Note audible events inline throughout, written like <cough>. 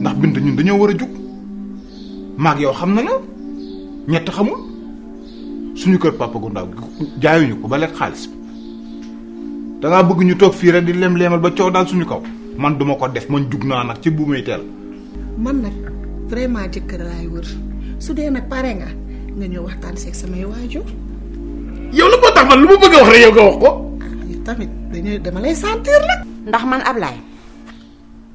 ndax bind ñun dañoo wara juk mag Nyata yow xam na la ñett xamul suñu kër papa gu ndaw jaayuñu ko ba lek xaaliss bi da nga bëgg ñu toog fii rek di lem lemal ba coow daal suñu kaw man duma ko def man jug naa nag ci bu muy teel man nag vraiment kër laay wër su dee nag pare nga nga ñëw waxtaan seeg samay waajur yow lu moo tax man lu mu bëgg wax rek yow nga wax ko ah, tamit dañu dama lay sentir nag ndax man ablaye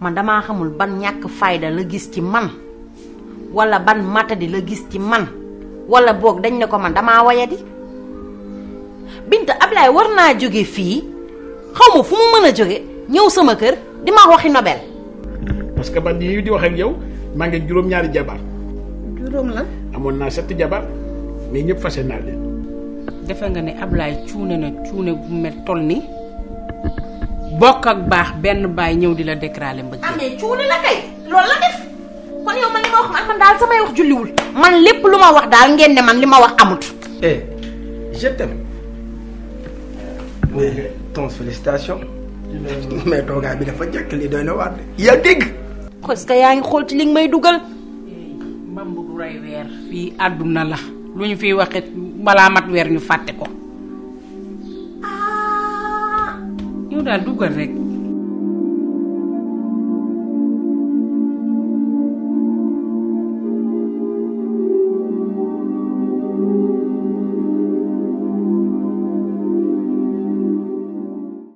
man dama xamul ban ñak fayda la gis ci man wala ban di la gis ci man wala bok dañ ne ko man damaa wayadi binta Ablaye war fu mu meuna joge ñew sama kër di ma waxi nobel parce que ban yi di wax ak yow ma ngeen ñaari jabar juróom la Amon na sept jabar mais ñëpp fassé na leen defa nga ne ablay ciune na ciune bu mel tolni bok ak bax ben bay ñew di la déclaré mbëgg ah mais cuuli la kay lool la def kon yow man li wax man man daal samay wax wul man lepp luma wax dal ngeen ne man lima wax amut eh je t'aime mais ton félicitations <laughs> mais toogaay bi dafa jekk li doy na waat yaa dégg parce que yaa ngi xool ci li may duggal mbambu du ray wer fi aduna la lu fi waxe bala mat wer ñu fàtte ko da duka rek